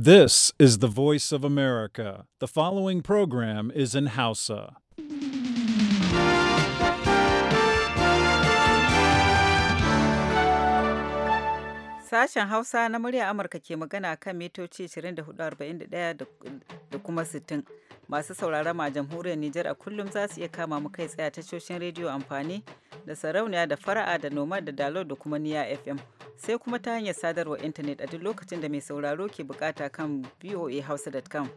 This is the voice of America. The following program is in Hausa. Sashen Hausa na murya Amurka ke magana kan mitoci 24,41 da kuma 60. masu saurara ma jamhuriyar Nijar a kullum za su iya kama mu kai tsaya tashoshin rediyo amfani da sarauniya da fara'a da noma da dalo da kuma niya FM sai kuma ta hanyar sadarwar intanet a duk lokacin da mai sauraro ke bukata kan voahausa.com.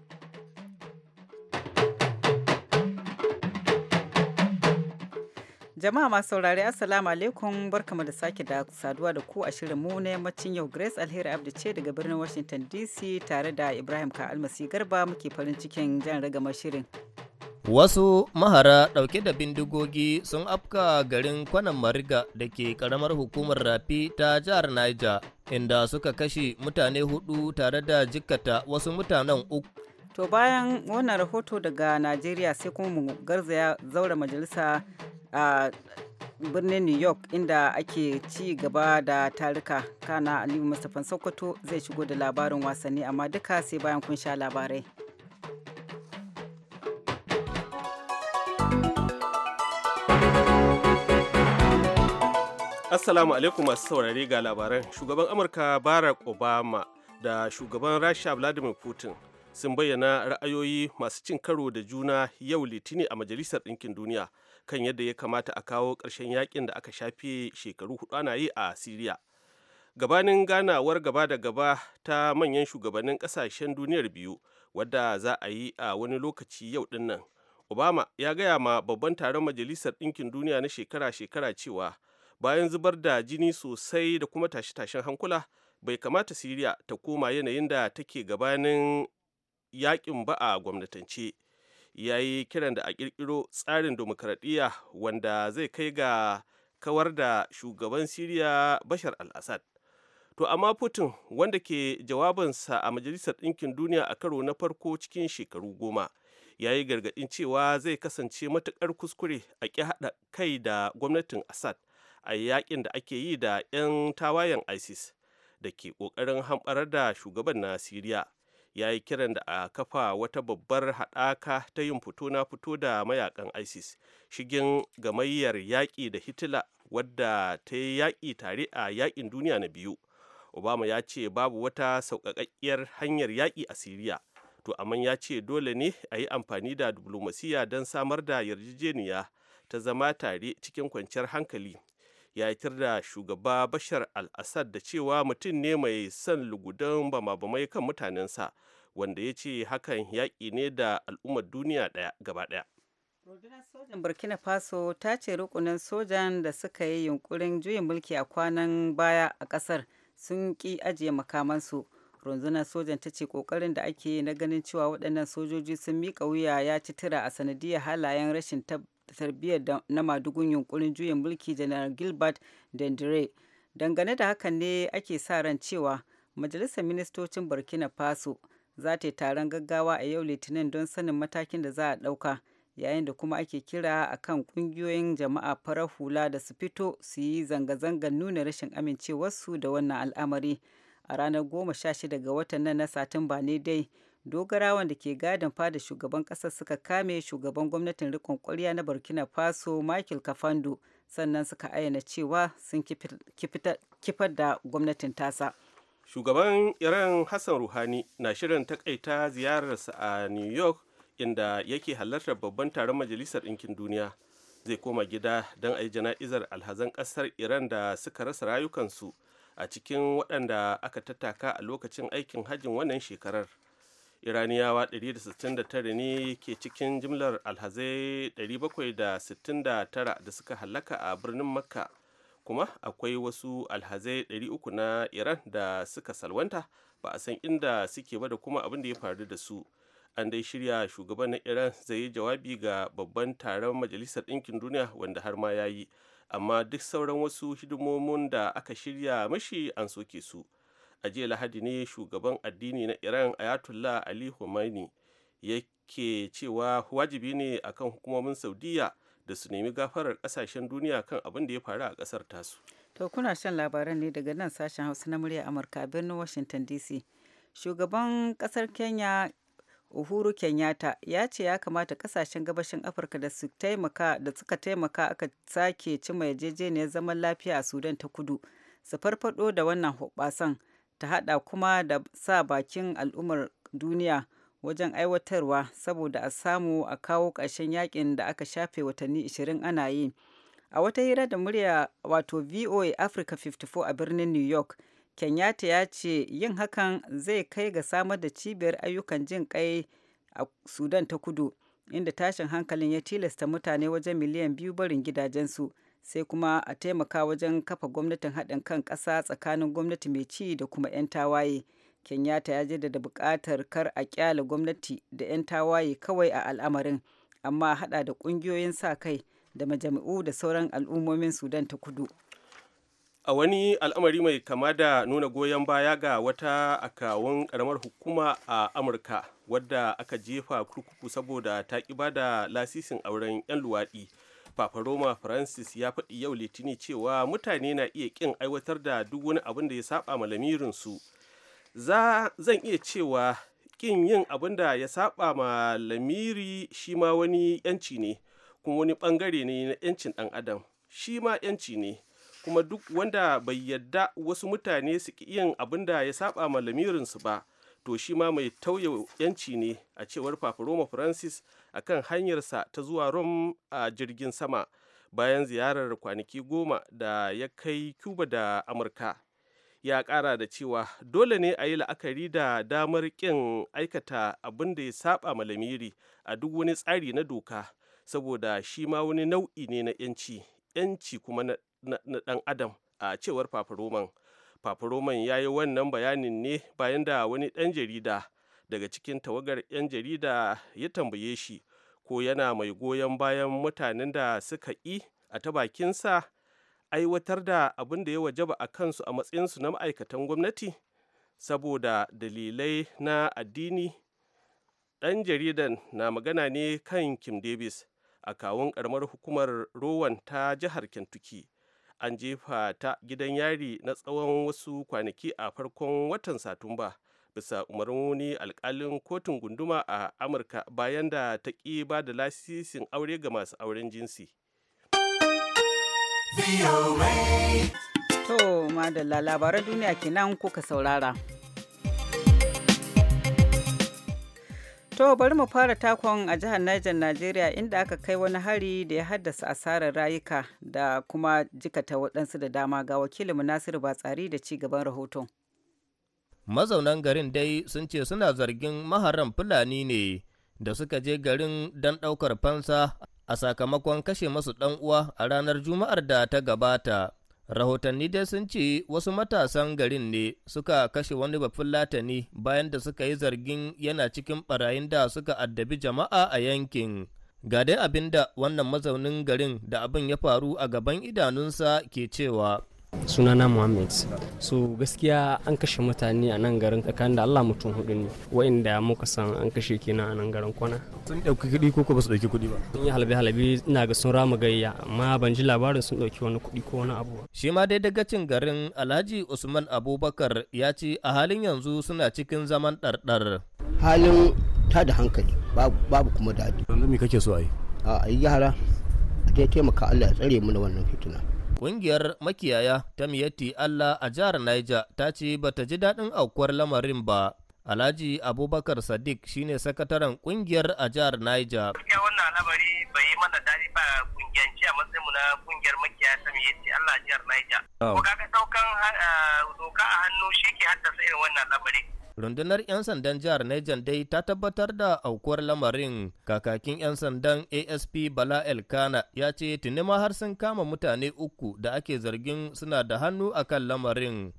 Jama'a masu saurari Assalamu alaikum barkamu da sake da saduwa da ku a shirin mu na yammacin yau Grace Alheri Abdi ce daga birnin Washington DC tare da Ibrahim almasi Garba muke farin cikin jan ragamar shirin. Wasu mahara ɗauke da bindigogi sun afka garin kwanan Mariga da ke ƙaramar hukumar Rafi ta jihar Niger, inda suka kashe mutane hudu tare da jikkata wasu mutanen uku To bayan wannan rahoto daga Najeriya sai kuma mu garzaya zaura majalisa a birnin New York inda ake ci gaba da tarika kana Aliyu Mustapha Sokoto zai shigo da labarin wasanni amma duka sai bayan kun sha labarai. Assalamu alaikum masu saurare ga labaran. Shugaban Amurka Barack Obama da shugaban Rasha Vladimir Putin sun bayyana ra'ayoyi masu cin karo da juna yau litini a majalisar ɗinkin duniya kan yadda ya kamata a kawo ƙarshen yakin da aka shafe shekaru hudu ana yi a siriya gabanin ganawar gaba da gaba ta manyan shugabannin ƙasashen duniyar biyu wadda za a yi a wani lokaci yau ɗin obama ya gaya ma babban taron majalisar ɗinkin duniya na shekara-shekara cewa bayan zubar da jini sosai da kuma tashe-tashen hankula bai kamata siriya ta koma yanayin da take gabanin yakin ba a gwamnatance ya yi kiran da a kirkiro tsarin demokradiyya wanda zai kai ga kawar da shugaban siriya bashar al-assad to amma putin wanda ke jawabansa a majalisar ɗinkin duniya a karo na farko cikin shekaru goma ya yi gargaɗin cewa zai kasance matuƙar kuskure a ƙi haɗa kai da gwamnatin assad a yakin da ake yi da 'yan tawayen isis da ke ƙoƙarin hamɓarar da shugaban na siriya ya yi kiran da a kafa wata babbar haɗaka ta yin fito na fito da mayakan isis shigin gamayyar yaƙi da hitler wadda ta yi yaƙi tare a yaƙin duniya na biyu obama ya ce babu wata sauƙaƙaƙƙiyar hanyar yaƙi a siriya to amma ya ce dole ne a yi amfani da diplomasiya don samar da yarjejeniya ta zama tare cikin kwanciyar hankali ya yitar da shugaba bashar al-assad da cewa mutum ne mai son lugudan bama-bamai kan mutanensa wanda ya ce hakan yaƙi ne da al'ummar duniya ɗaya gaba ɗaya rundunar sojan burkina faso ta ce rukunin sojan da suka yi yunkurin juyin mulki a kwanan baya a ƙasar sun ƙi ajiye makamansu rundunar sojan ta ce kokarin da ake yi na ganin cewa waɗannan sojoji sun miƙa wuya ya ci tura a sanadiyar halayen rashin tarbiyyar na madugun yunkurin juyin mulki janar gilbert dendere dangane da hakan ne ake sa ran cewa majalisar ministocin burkina faso za ta yi taron gaggawa a yau litinin don sanin matakin da za a ɗauka yayin da kuma ake kira a kan ƙungiyoyin jama'a farar hula da su fito su yi zanga-zangar nuna rashin amincewarsu da wannan al'amari a ranar goma sha 16 ga watan nan na satumba ne dai dogarawan da ke gadin fada shugaban ƙasar suka kame shugaban gwamnatin rikon kwarya na burkina faso michael kafando sannan suka ayyana cewa sun kifar da gwamnatin tasa shugaban iran hassan ruhani na shirin takaita ziyararsa a new york inda yake halartar babban taron majalisar ɗinkin duniya zai koma gida don a yi jana'izar alhazan ƙasar iran da suka rasa rayukansu a cikin waɗanda aka tattaka a lokacin aikin hajjin wannan shekarar iraniyawa 169 ne ke cikin jimlar alhazai 769 da suka halaka a birnin makka kuma akwai wasu alhazai 300 na iran da suka salwanta ba a san inda suke ba da kuma abin da ya faru da su an dai shirya shugaban na iran zai yi jawabi ga babban taron majalisar ɗinkin duniya wanda har ma ya yi amma duk sauran wasu hidimomin da aka shirya mashi an soke su. a jiya lahadi ne shugaban addini na iran ayatollah ali khomeini yake cewa wajibi ne akan hukumomin saudiya da su nemi gafarar kasashen duniya kan abin da ya faru a kasar tasu to kuna shan labaran ne daga nan sashen hausa na murya amurka birnin washington dc shugaban kasar kenya Uhuru Kenyatta ya ce ya kamata kasashen gabashin Afirka da su taimaka da suka taimaka aka sake cima yarjejeniyar zaman lafiya a Sudan ta kudu su farfado da wannan hobasan ta haɗa kuma da sa bakin al'ummar duniya wajen aiwatarwa saboda a samu a kawo ƙarshen yakin da aka shafe watanni 20 ana yi a wata hira da murya wato voa africa 54 a birnin new york kenyatta ya ce yin hakan zai kai ga samar da cibiyar ayyukan jin kai a sudan ta kudu inda tashin hankalin ya tilasta mutane wajen miliyan biyu barin gidajensu sai kuma a taimaka wajen kafa gwamnatin haɗin kan ƙasa tsakanin gwamnati mai ci da kuma 'yan tawaye kenyatta ya jaddada buƙatar kar a ƙyale gwamnati da 'yan tawaye kawai a al'amarin amma haɗa da ƙungiyoyin sa kai da majami'u da sauran al'ummomin sudan ta kudu a wani al'amari mai kama da nuna goyon baya ga wata akawun karamar hukuma a amurka wadda aka jefa kurkuku saboda ta ƙi ba da lasisin auren 'yan luwaɗi Roma Francis ya faɗi yau litini cewa mutane na iya ƙin aiwatar da duk wani abin da ya saba ma lamirinsu. Za zan iya cewa ƙin yin abin da ya saba ma lamiri shi ma wani yanci ne, kuma wani ɓangare ne na yancin ɗan adam. Shi ma yanci ne, kuma duk wanda bai yadda wasu mutane su yin abin da ya saba ma lamirinsu ba, to shi ma mai tauye yanci ne a cewar Roma Francis a kan hanyarsa ta zuwa Rome a jirgin sama bayan ziyarar kwanaki goma da ya kai Cuba da Amurka. Ya ƙara da cewa dole ne a yi la'akari da damar ƙin aikata abin da ya saba malamiri a duk wani tsari na doka saboda shi ma wani nau'i ne na 'yanci, 'yanci kuma na ɗan adam a cewar Papa Roman. ya yi wannan bayanin ne bayan da wani ɗan jarida daga cikin tawagar 'yan jarida ya tambaye shi ko yana mai goyon bayan mutanen da suka ƙi a ta bakinsa aiwatar da abin da ya wajaba a kansu a matsayinsu na ma'aikatan gwamnati saboda dalilai na addini ɗan jaridan na magana ne kan kim davis a kawun ƙaramar hukumar rowan ta jihar kentucky an jefa ta gidan yari na tsawon wasu kwanaki a farkon watan satumba bisa umarnin wani alkalin kotun gunduma a amurka bayan da ta ƙi ba da lasisin aure ga masu auren jinsi to madalla labaran duniya kenan kuka saurara To bari mu fara takon a jihar Niger Najeriya inda aka kai wani hari da ya haddasa asarar rayuka da kuma jikata waɗansu da dama ga wakilin Nasiru Batsari da ci gaban rahoton. Mazaunan garin dai sun ce suna zargin maharan Fulani ne da suka je garin don ɗaukar fansa a sakamakon kashe masu ɗan uwa a ranar Juma'ar da ta gabata. Rahotanni dai sun ce wasu matasan garin ne suka kashe wani bafin latani bayan da suka yi zargin yana cikin barayin da suka addabi jama'a a yankin. Ga dai abin da wannan mazaunin garin da abin ya faru a gaban idanunsa ke cewa. sunana muhammad so gaskiya an kashe mutane a nan garin tsakanin da allah mutum hudu ne wa'inda muka san an kashe kenan a nan garin kwana sun ɗauki kuɗi ko ko basu su kudi kuɗi ba sun yi halabe halabe ina ga sun rama gayya amma ban ji labarin sun ɗauki wani kuɗi ko wani abu shi ma dai dagacin garin alhaji usman abubakar ya ce a halin yanzu suna cikin zaman ɗarɗar halin tada hankali babu kuma daɗi me kake so a yi a yi yara a taimaka allah ya tsare mana wannan fitina Ƙungiyar makiyaya ta miyatti Allah a jihar Niger ta ce ba ta ji daɗin aukuwar lamarin ba. Alhaji Abubakar Sadiq shine sakataren ƙungiyar a jihar Niger. Gaskiya wannan al'amari bai yi mana daɗi ba ƙungiyance a matsayin na ƙungiyar makiyaya ta miyatti Allah a jihar Niger. Ko kaga ɗaukan ah, doka a hannu shi ke haddasa irin wannan al'amari. rundunar 'yan sandan jihar Niger dai ta tabbatar da aukuwar lamarin kakakin 'yan sandan asp bala elkana ya ce tuni ma har sun kama mutane uku da ake zargin suna da hannu a kan lamarin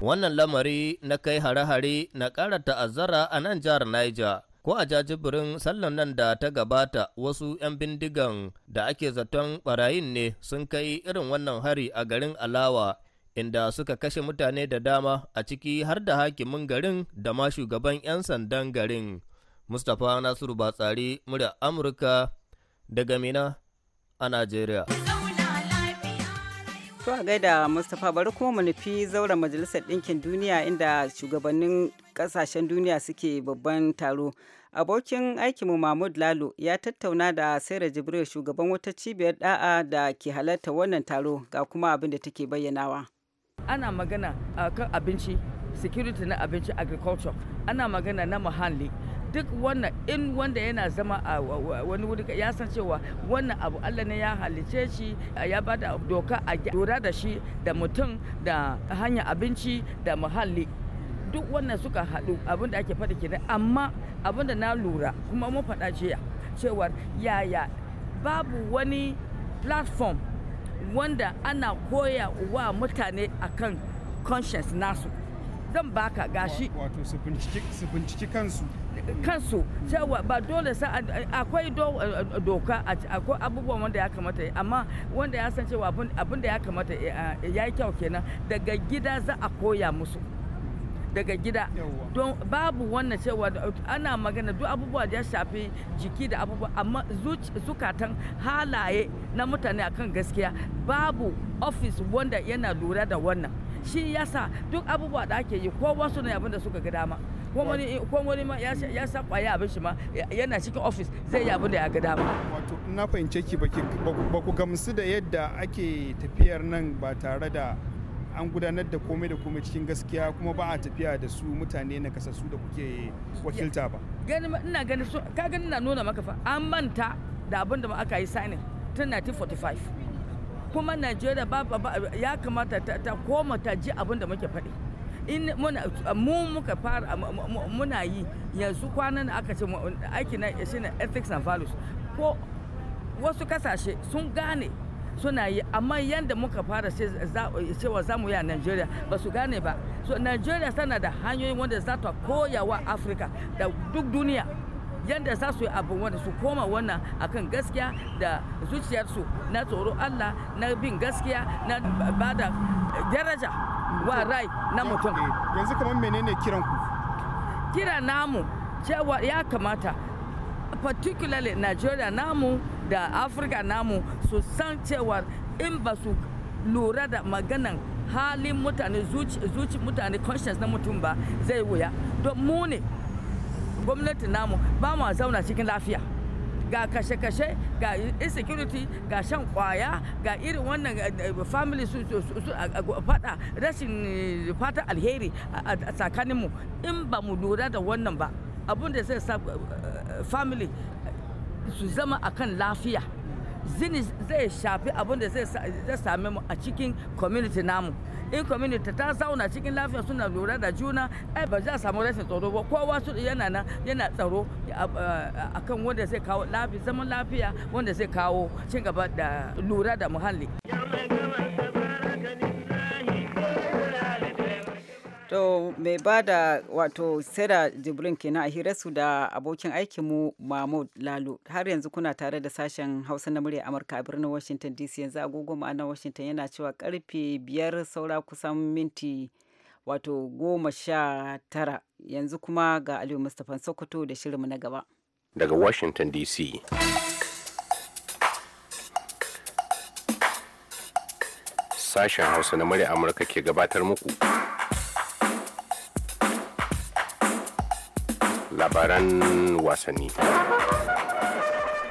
wannan lamari na kai hare-hare na ƙara ta'azzara a nan jihar Niger ko a jajibirin sallan nan da ta gabata wasu 'yan bindigan da ake zaton barayin ne sun kai irin wannan hari a garin alawa inda suka kashe mutane da dama a ciki har da hakimin garin da ma shugaban 'yan sandan garin. Mustapha Nasiru Batsari, murya Amurka daga Mina a Najeriya. To a gaida Mustapha bari kuma mu nufi zauren Majalisar Ɗinkin Duniya inda shugabannin ƙasashen duniya suke babban taro. Abokin aikinmu Mahmud Lalo ya tattauna da da Jibril shugaban wata cibiyar da'a da ke halarta wannan taro ga kuma abin da take bayyanawa. ana magana kan abinci security na abinci agriculture ana magana na muhalli duk wannan in wanda yana zama a wani wuri ya san cewa wannan abu Allah ne ya halice shi ya ba da doka a lura da shi da mutum da hanyar abinci da muhalli duk wannan suka haɗu abin ake faɗi kenan amma abin na lura kuma mun faɗa jiya cewar yaya babu wani platform wanda ana koya wa mutane akan conscience nasu zan baka gashi wato su binciki kansu kansu cewa ba dole sa akwai doka akwai abubuwan wanda ya kamata amma wanda ya san cewa abin da ya kamata eh, eh, ya yi kyau kenan daga gida za a koya musu daga gida don babu wannan cewa ana magana duk abubuwa da ya shafi jiki da abubuwa amma zukatan halaye na mutane akan gaskiya babu ofis wanda yana lura da wannan shi yasa duk abubuwa da ake yi ko wasu ne abin da suka ga dama ko wani ma ya saba ya abin shi ma yana cikin ofis zai yi abin da ya ga dama wato na fahimce ki ba ku gamsu da yadda ake tafiyar nan ba tare da an gudanar da komai da komai cikin gaskiya kuma ba a tafiya da su mutane na su da kuke wakilta ba ina gani su ka gani na nuna maka fa an manta da abin da aka yi signing tun 1945 kuma Najeriya ba ya kamata ta koma ta ji abin da muke faɗi in muna mu muka fara muna yi yanzu kwanan aka ce aiki na shine ethics and values ko wasu kasashe sun gane suna yi amma yadda muka fara cewa za mu yi a nigeria ba su gane ba so nigeria tana da hanyoyi wanda za ta koya wa afirka da duk duniya yadda za su yi abu wanda su koma wannan akan gaskiya da zuciyarsu na tsoro allah na bin gaskiya na ba da daraja wa rai na eh, mutum yanzu kamar menene kiran ku kira namu cewa ya kamata particularly nigeria namu da afirka namu su san cewar in ba su lura da maganan halin mutane zuci mutane conscience na mutum ba zai wuya don mu ne gwamnati namu ba mu zauna cikin lafiya ga kashe-kashe ga insecurity ga shan kwaya ga irin wannan eh, eh, family su fada rashin eh, fata alheri a tsakaninmu in ba mu lura da wannan ba abun da zai sa family su zama akan lafiya zini zai shafi abin da zai same mu a cikin community namu in community ta zauna cikin lafiya suna lura da juna ai ba za a samu rashin tsaro ba kowa su yana nan yana tsaro akan wanda zai kawo zaman lafiya wanda zai kawo cin gaba da lura da muhalli To mai ba da wato sera Jibrin kenan a su da abokin aikinmu Mahmud lalu Har yanzu kuna tare da sashen Hausa na murya Amurka a birnin Washington DC yanzu agogo ma'ana Washington yana cewa karfe biyar saura kusan minti wato goma sha tara yanzu kuma ga Aliyu Mustapha Sokoto da shirinmu na gaba. Daga Washington DC. Sashen Hausa na murya Amurka ke gabatar muku. labaran wasanni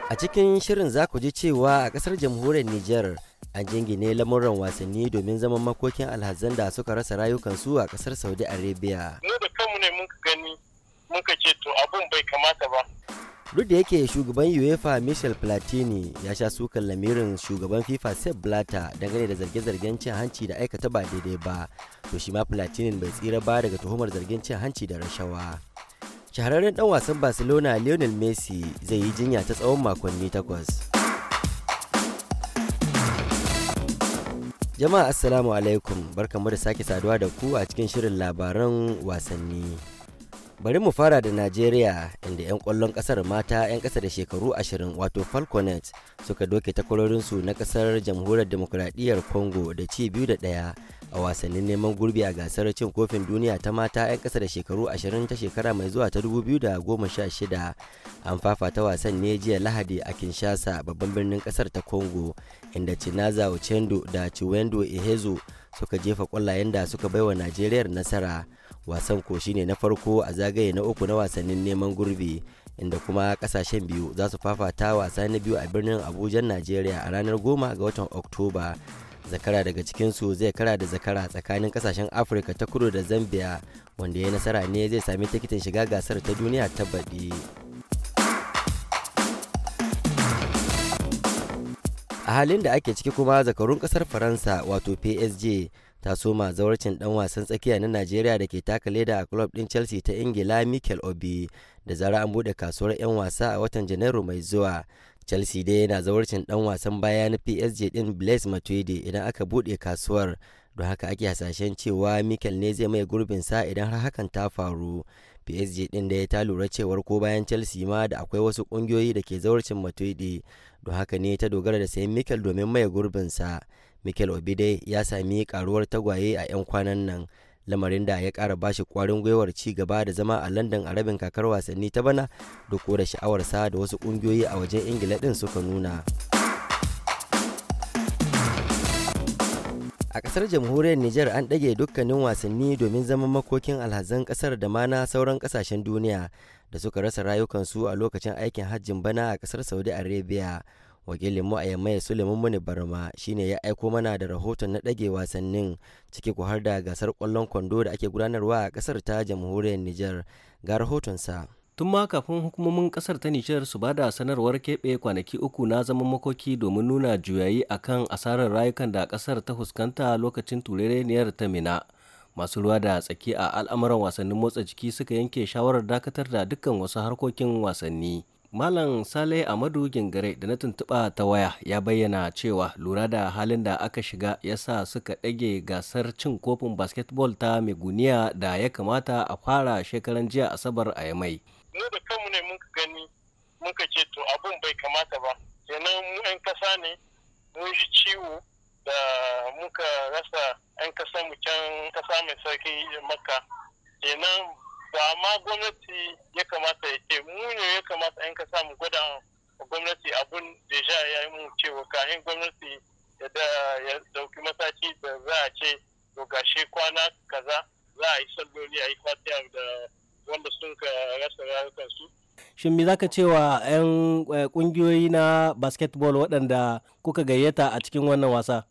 a cikin shirin za ku ji cewa a kasar jamhuriyar nijar an jingine lamuran wasanni domin zaman makokin alhazan da suka rasa rayukansu a kasar saudi arabia mu da kanmu ne muka gani muka ce to abun bai kamata ba duk da yake shugaban uefa michel platini ya sha sukan lamirin shugaban fifa sepp blatter dangane da zarge-zargen cin hanci da aikata ba daidai ba to shi ma platini bai tsira ba daga tuhumar zargin cin hanci da rashawa shahararren dan wasan barcelona lionel messi zai yi jinya ta tsawon makonni takwas jama'a assalamu alaikum barkamu da sake saduwa da ku a cikin shirin labaran wasanni bari mu fara da najeriya inda 'yan kwallon kasar mata 'yan kasa da shekaru ashirin wato falconet suka doke takwarorinsu na kasar jamhuriyar demokuraɗiyyar congo da ci biyu da ɗaya a wasannin neman gurbi a gasar cin kofin duniya ta mata 'yan kasa da shekaru 20 ta shekara mai zuwa ta 2016 an fafata wasan ne jiya lahadi a kinshasa babban birnin ƙasar ta congo inda chinaza ochendo da chiwendo ihezu suka jefa kwallayen da suka baiwa najeriyar nasara wasan ko shine na farko a zagaye na uku na wasannin neman gurbi inda kuma kasashen biyu za su fafata wasa na biyu a birnin abuja najeriya a ranar goma ga watan oktoba zakara daga cikinsu zai kara da zakara tsakanin kasashen afirka ta kudu da zambia wanda ya nasara ne zai sami tikitin shiga gasar ta duniya ta baɗi a halin da ake ciki kuma zakarun kasar faransa wato psg ta soma zawarcin dan wasan tsakiya na najeriya da ke taka leda a club din chelsea ta ingila michael obi da zara an bude kasuwar 'yan wasa a watan janairu mai zuwa chelsea dai yana zawarcin dan wasan baya na psg din blaise matuidi idan aka buɗe kasuwar don haka ake hasashen cewa mikel ne zai mai sa idan har hakan ta faru psg din da ya ta lura cewar ko bayan chelsea ma da akwai wasu kungiyoyi da ke zawarcin matuidi don haka ne ta dogara da sayan mikel domin mai sa, mikel obide ya sami karuwar tagwaye a 'yan kwanan nan lamarin da ya kara bashi kwarin gwiwar ci gaba da zama a london a rabin kakar wasanni ta bana da sha'awar sa da wasu ƙungiyoyi a wajen ingila din suka nuna a kasar jamhuriyar niger an ɗage dukkanin wasanni domin zaman makokin alhazan kasar da mana sauran kasashen duniya da suka rasa rayukansu a lokacin aikin hajjin bana a kasar saudi arabia wakilin mu a yammai suleiman muni barma shine ya aiko mana da rahoton na dage wasannin ciki ku har da gasar kwallon kwando da ake gudanarwa a kasar ta jamhuriyar nijar ga rahotonsa tun ma kafin hukumomin kasar ta nijar su ba da sanarwar keɓe kwanaki uku na zaman makoki domin nuna juyayi akan asarar rayukan da kasar ta fuskanta lokacin turereniyar ta mina masu ruwa da tsaki a al'amuran wasannin motsa jiki suka yanke shawarar dakatar da dukkan wasu harkokin wasanni Malam Sale Amadu Gingare da na tuntuɓa ta waya ya bayyana cewa lura da halin da aka shiga ya sa suka ɗage gasar cin kofin basketball ta Meguniya da ya kamata a fara shekaran jiya Asabar a Yamai. Mu da kanmu ne muka gani muka ce to abun bai kamata ba. Kenan mu 'yan kasa ne mun ji ciwo da muka rasa 'yan kasa mu can kasa mai sarki Makka. Kenan ba ma gwamnati ya kamata ya ce mu ne ya kamata in ka samu gwada gwamnati abun deja ya yi mu cewa kayan gwamnati ya dauki mataki da za a ce to gashi kwana kaza za a yi salloli a yi fatiya da wanda sun ka rasa su Shin me zaka cewa 'yan kungiyoyi eh, na basketball waɗanda kuka gayyata a cikin wannan wasa?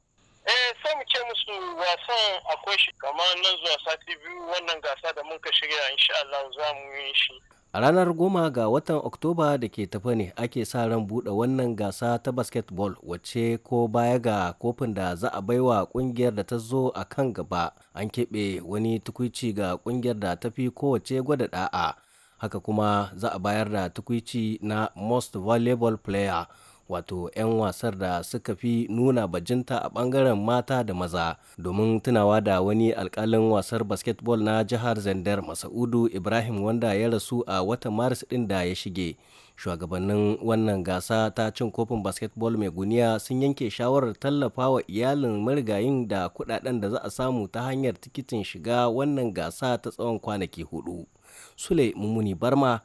eh sai mu ce musu wasan akwai shi kamar nan zuwa sati biyu wannan gasa da muka shirya insha Allah za mu yi shi a ranar goma ga watan oktoba da ke tafa ne ake sa ran buɗe wannan gasa ta basketball wacce ko baya ga kofin da za a baiwa ƙungiyar da ta zo a kan gaba an keɓe wani tukwici ga ƙungiyar da ta fi kowace gwada da'a haka kuma za a bayar da tukwici na most valuable player wato 'yan wasar da suka fi nuna bajinta a bangaren mata da maza domin tunawa da wani alkalin wasar basketball na jihar zandar masaudu ibrahim wanda ya rasu a watan maris din da ya shige shugabannin wannan gasa ta cin kofin basketball mai guniya sun yanke shawarar tallafa wa iyalin marigayin da kudaden da za a samu ta hanyar tikitin shiga wannan gasa ta tsawon kwanaki hudu sule muni barma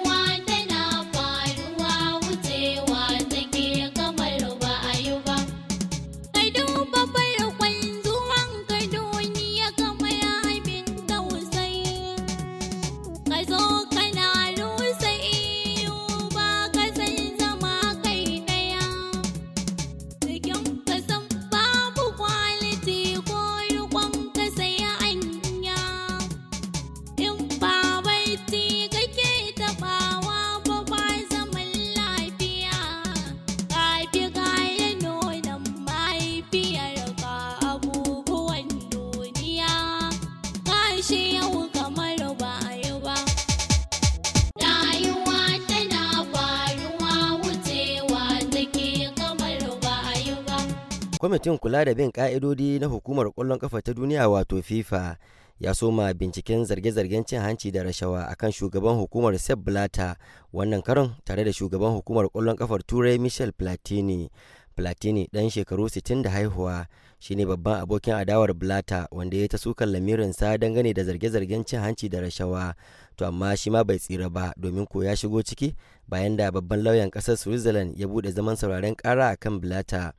kwamitin kula da bin ka'idodi na hukumar kwallon kafa ta duniya wato fifa ya soma binciken zarge-zargen cin hanci da rashawa akan shugaban hukumar sef blatter wannan karon tare da shugaban hukumar kwallon kafar turai michel platini platini dan shekaru 60 da haihuwa shine babban abokin adawar blata wanda ya ta sukan lamirinsa dangane da zarge-zargen cin hanci da rashawa to amma shi ma bai tsira ba domin ko ya shigo ciki bayan da babban lauyan kasar switzerland ya bude zaman sauraren kara akan blata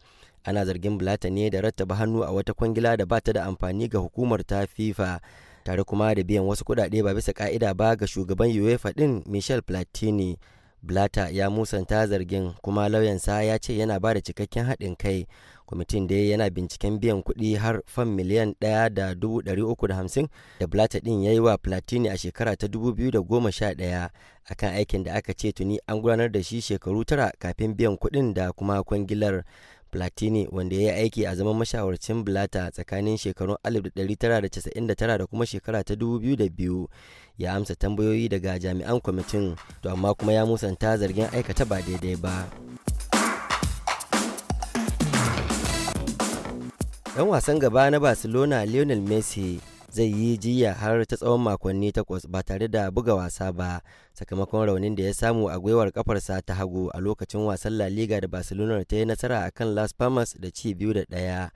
ana zargin blata ne da rattaba hannu a wata kwangila da ba ta da amfani ga hukumar ta fifa tare kuma da biyan wasu kudade ba bisa ka'ida ba ga shugaban uefa din michel platini blata ya musanta zargin kuma lauyansa ya ce yana ba da cikakken haɗin kai kwamitin dai yana binciken biyan kuɗi har fan miliyan ɗaya da dubu ɗari uku da hamsin da blata ɗin ya yi wa platini a shekara ta dubu biyu da goma sha ɗaya akan aikin da aka ce tuni an gudanar da shi shekaru tara kafin biyan kuɗin da kuma kwangilar Platini wanda ya yi aiki a zaman mashawarcin blata tsakanin shekarun 1999 da kuma shekara ta 2002 ya amsa tambayoyi daga jami'an kwamitin to amma kuma ya musanta zargin aikata ba daidai ba. Ɗan wasan gaba na Barcelona Lionel Messi zai yi jiya har ta tsawon makonni takwas ba tare da buga wasa ba sakamakon raunin da ya samu a gwiwar kafarsa ta hagu a lokacin wasan La Liga da Barcelona ta yi nasara akan Las Palmas da ci biyu da daya.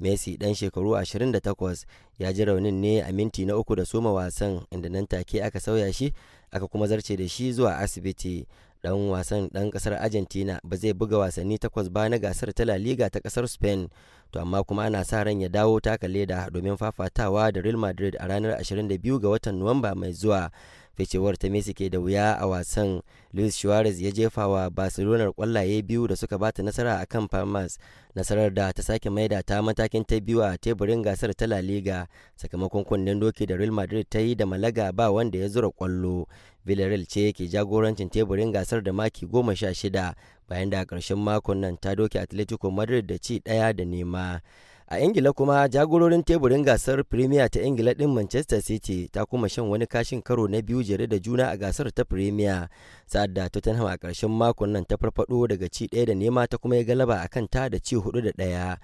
Messi dan shekaru 28 ya ji raunin ne a minti na uku da soma wasan inda nan take aka sauya shi aka kuma zarce da shi zuwa asibiti. dan wasan dan kasar argentina ba zai buga wasanni takwas ba na gasar ta la liga ta kasar spain to amma kuma ana sa ran ya dawo taka leda domin fafatawa da real madrid a ranar 22 ga watan nuwamba mai zuwa ficewar ta Messi ke da wuya a wasan Luis Suarez ya jefa wa Barcelona kwallaye biyu da suka bata nasara a kan Palmas nasarar da ta sake maida ta matakin ta biyu a teburin gasar ta La Liga sakamakon kunnen doki da Real Madrid ta yi da Malaga ba wanda ya zura kwallo Villarreal ce ke jagorancin teburin gasar da maki goma sha shida bayan da a ƙarshen makon nan ta doki Atletico Madrid da ci ɗaya da nema a ingila kuma jagororin teburin gasar premier ta ingila din manchester city ta kuma shan wani kashin karo na biyu jere da juna a gasar ta premier sa'ad da tottenham a ƙarshen makon nan ta farfado daga ci ɗaya da nema ta kuma ya galaba a kanta da ci hudu da ɗaya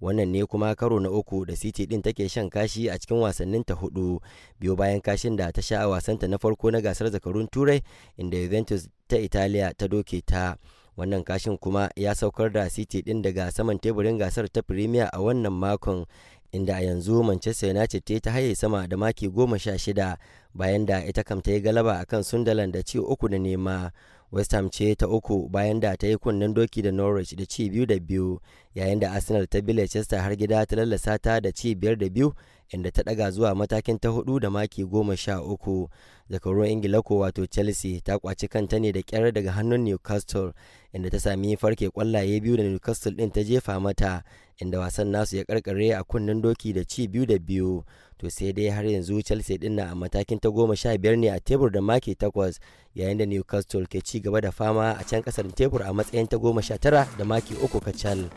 wannan ne kuma karo na uku da city din take shan kashi a cikin wasannin ta hudu biyo bayan kashin da ta sha a wasanta na farko na gasar zakarun turai inda juventus ta italiya ta doke ta wannan kashin kuma ya saukar da city din daga saman teburin gasar ta premier a wannan makon inda a yanzu manchester united ta haye sama da maki goma sha shida bayan da ita kam ta yi galaba akan sundalan da ci uku da nema west ham ce ta uku bayan da ta yi kunnen doki da norwich da ci biyu da biyu yayin da arsenal ta bi leicester har gida ta lallasa ta da ci biyar da biyu inda ta daga zuwa matakin ta hudu da maki goma sha uku zakarun ingila ko wato chelsea ta kwaci kanta ne da kyar daga hannun newcastle inda ta sami farke kwallaye biyu da newcastle din ta jefa mata inda wasan nasu ya karkare a kunnen doki da ci biyu da biyu to sai dai har yanzu chelsea din na a matakin ta goma sha biyar ne a tebur da maki takwas yayin da newcastle ke ci gaba da fama a can kasar tebur a matsayin ta goma sha tara da maki uku kacal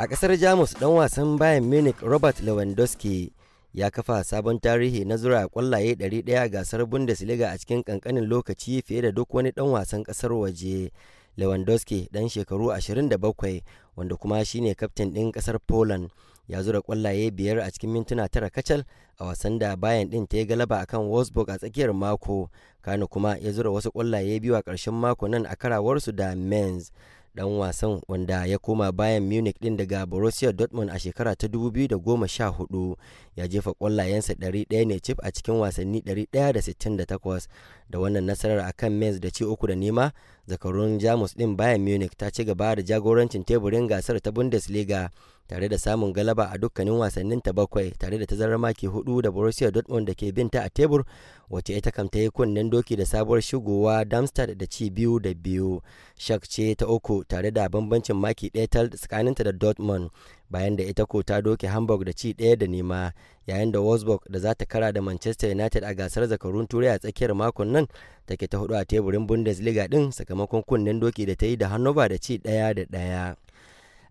a kasar jamus dan wasan bayan munich robert lewandowski ya kafa sabon tarihi na zura kwallaye 100 a gasar bundesliga a cikin kankanin lokaci fiye da duk wani dan wasan kasar waje lewandowski dan shekaru 27 wanda kuma shine kaftin din kasar poland ya zura kwallaye biyar a cikin mintuna tara kacal a wasan da bayan din ta yi galaba a kan wolfsburg a tsakiyar mako kano kuma ya zura wasu kwallaye biyu a ƙarshen mako nan a karawarsu da menz dan wasan wanda ya koma bayan munich din daga borussia dortmund a shekara ta 2014 ya jefa kwallayensa 100 ne cif a cikin wasanni 168 da wannan nasarar akan mens da ci uku da nema zakarun jamus din bayan munich ta ci gaba da jagorancin teburin gasar ta bundesliga tare da samun galaba a dukkanin wasannin ta bakwai tare da tazarar maki hudu da borussia dortmund da ke binta a tebur wacce ita kan ta yi kunnen doki da sabuwar shigowa darmstadt da ci biyu da biyu shak ce ta uku tare da bambancin maki ɗaya ta tsakaninta da dortmund bayan da ita ko ta doke hamburg da ci ɗaya da nema yayin da wolfsburg da za ta kara da manchester united a gasar zakarun turai a tsakiyar makon nan take ta hudu a teburin bundesliga din sakamakon kunnen doki da ta yi da hannover da ci daya da ɗaya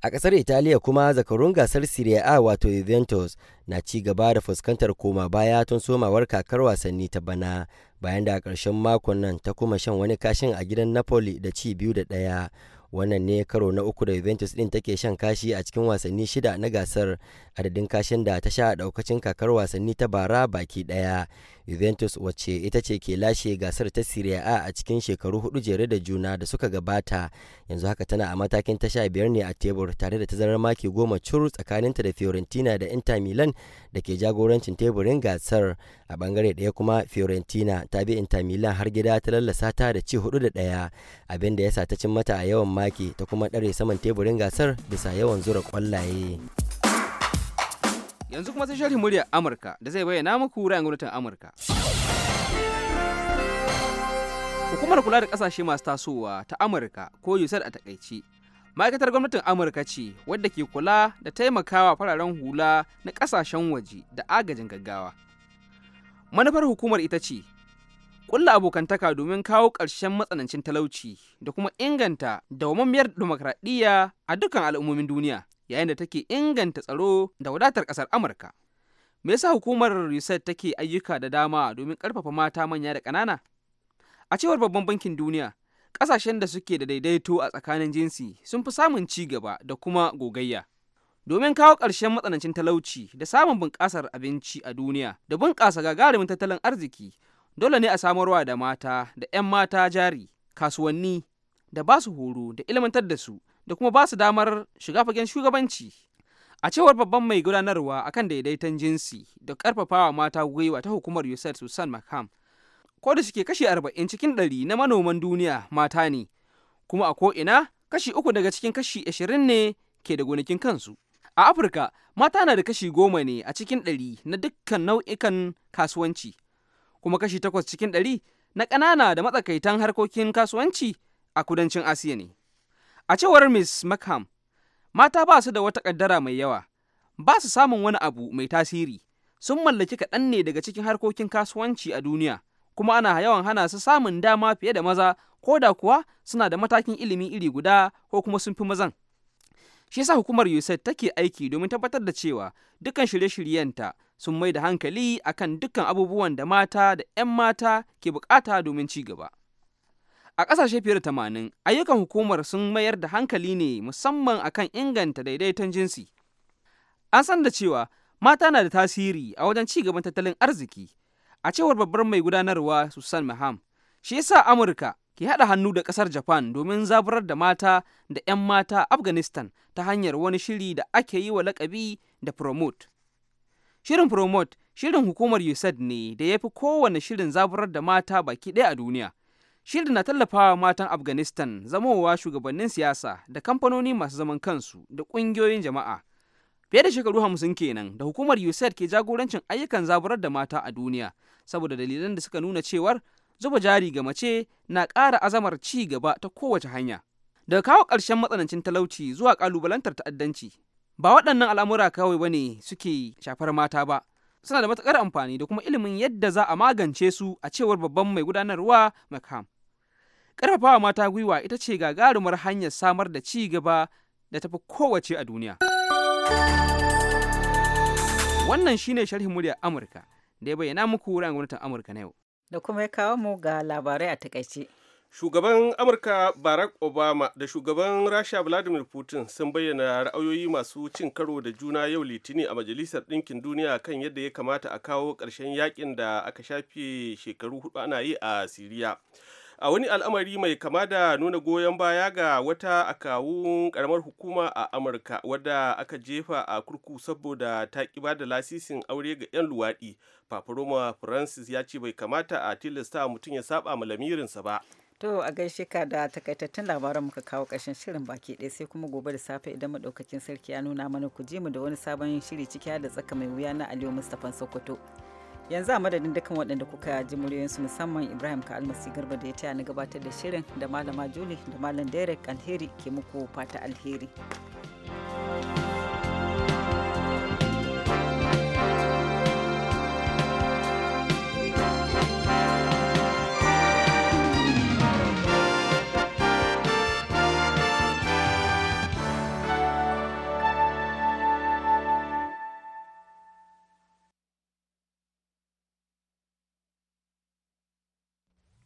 a ƙasar italiya kuma zakarun gasar serie a wato juventus na ci gaba da fuskantar koma baya tun somawar kakar wasanni ta bana bayan da a ƙarshen makon nan ta kuma shan wani kashin a gidan napoli da ci biyu da ɗaya wannan ne karo na uku da juventus din take shan kashi a cikin wasanni shida na gasar adadin kashin da ta sha a daukacin kakar wasanni ta bara baki daya Juventus wacce ita ce ke lashe gasar ta Serie A a cikin shekaru hudu jere da juna da suka gabata yanzu haka tana a matakin ta sha biyar ne a tebur tare da tazarar maki goma cur tsakaninta da Fiorentina da Inter Milan da ke jagorancin teburin gasar a bangare ɗaya kuma Fiorentina ta bi Inter Milan har gida ta lallasa ta da ci hudu da ɗaya abin da ya sa ta cin mata a yawan maki ta kuma ɗare saman teburin gasar bisa yawan zura kwallaye. Yanzu kuma sai sharhi muryar Amurka da zai bayyana muku ra'ayin gwamnatin Amurka. Hukumar kula da kasashe masu tasowa ta Amurka ko USAID a takaici. Ma'aikatar gwamnatin Amurka ce wadda ke kula da taimakawa fararen hula na kasashen waje da agajin gaggawa. Manufar hukumar ita ce kulla abokantaka domin kawo ƙarshen matsanancin talauci da kuma inganta dawamammiyar dimokuraɗiyya a dukkan al'ummomin duniya. yayin da take inganta tsaro da wadatar ƙasar Amurka. Me yasa hukumar reset take ayyuka da dama domin karfafa mata manya da ƙanana? A cewar Babban Bankin Duniya, ƙasashen da suke da daidaito a tsakanin jinsi sun fi samun ci gaba da kuma gogayya. Domin kawo ƙarshen matsanancin talauci da samun bunƙasar abinci a duniya da bunƙasa gagarumin tattalin arziki, dole ne a samarwa da mata da 'yan mata jari, kasuwanni, da ba su horo da ilmantar da su da kuma ba su damar shiga fagen shugabanci a cewar babban mai gudanarwa akan daidaiton jinsi da karfafawa mata gwiwa ta hukumar usaid susan makam ko da suke kashi arba'in cikin ɗari na manoman duniya mata ne kuma a ko'ina kashi uku daga cikin kashi ashirin ne ke da gonakin kansu a afirka mata na da kashi goma ne a cikin ɗari na dukkan nau'ikan kasuwanci kuma kashi takwas cikin ɗari na ƙanana da matsakaitan harkokin kasuwanci a kudancin asiya ne A cewar miss McCam, mata ba su da wata ƙaddara mai yawa, ba su samun wani abu mai tasiri, sun mallaki kaɗan ne daga cikin harkokin kasuwanci a duniya, kuma ana yawan hana su samun dama fiye da maza ko da kuwa suna da matakin ilimi iri guda ko kuma sun fi mazan. Shi yasa hukumar USAID take aiki domin tabbatar da cewa dukkan shirye-shiryenta sun mai da hankali akan dukkan abubuwan da mata da 'yan mata ke bukata domin ci gaba. A ƙasashe fiye da tamanin, ayyukan hukumar sun mayar da hankali ne musamman akan inganta daidaiton jinsi. An san da cewa mata na da tasiri a wajen ci gaban tattalin arziki, a cewar babbar mai gudanarwa Susan Maham. Shi yasa Amurka ke haɗa hannu da ƙasar Japan domin zaburar da mata da 'yan mata Afghanistan ta hanyar wani shiri da ake yi wa lakabi da Promote. Shirin Promote shirin hukumar USAID ne da ya fi kowane shirin zaburar da mata baki ɗaya a duniya. Shirin na tallafawa matan Afghanistan zamowa shugabannin siyasa da kamfanoni masu zaman kansu da ƙungiyoyin jama'a. Fiye da shekaru hamsin kenan da hukumar USAID ke jagorancin ayyukan zaburar da mata a duniya saboda dalilan da suka nuna cewar zuba jari ga mace na ƙara azamar ci gaba ta kowace hanya. Daga kawo ƙarshen matsanancin talauci zuwa ƙalubalantar ta'addanci, ba waɗannan al'amura kawai ba ne suke shafar mata ba, suna da matukar amfani da kuma ilimin yadda za a magance su a cewar babban mai gudanarwa McCam. Ƙarfafawa mata gwiwa ita ce gagarumar hanyar samar da ci gaba da tafi kowace a duniya. Wannan shi ne sharhin muryar Amurka da ya bayyana muku wurin gwamnatin Amurka na yau. Da kuma ya kawo mu ga labarai a takaice. shugaban amurka barack obama da shugaban rasha vladimir putin sun bayyana ra'ayoyi masu cin karo da juna yau litini a majalisar ɗinkin duniya kan yadda ya kamata a kawo ƙarshen yakin da aka shafe shekaru hudu ana yi a siriya a wani al'amari mai kama da nuna goyon baya ga wata a kawun karamar hukuma a amurka wadda aka jefa a kurku saboda ta ba da lasisin aure ga 'yan luwaɗi paparoma francis ya ce bai kamata a tilasta mutum ya saba ma lamirinsa ba To a gaishe ka da takaitattun labaran muka kawo ƙarshen shirin baki ɗaya sai kuma gobe da safe idan maɗaukakin sarki ya nuna mana ku je mu da wani sabon shiri ciki da tsaka mai wuya na Aliyu Mustapha Sokoto. Yanzu a madadin dukkan waɗanda kuka ji muryoyinsu musamman Ibrahim ka almasi garba da ya taya na gabatar da shirin da malama Juli da malam Derek Alheri ke muku fata alheri. thank you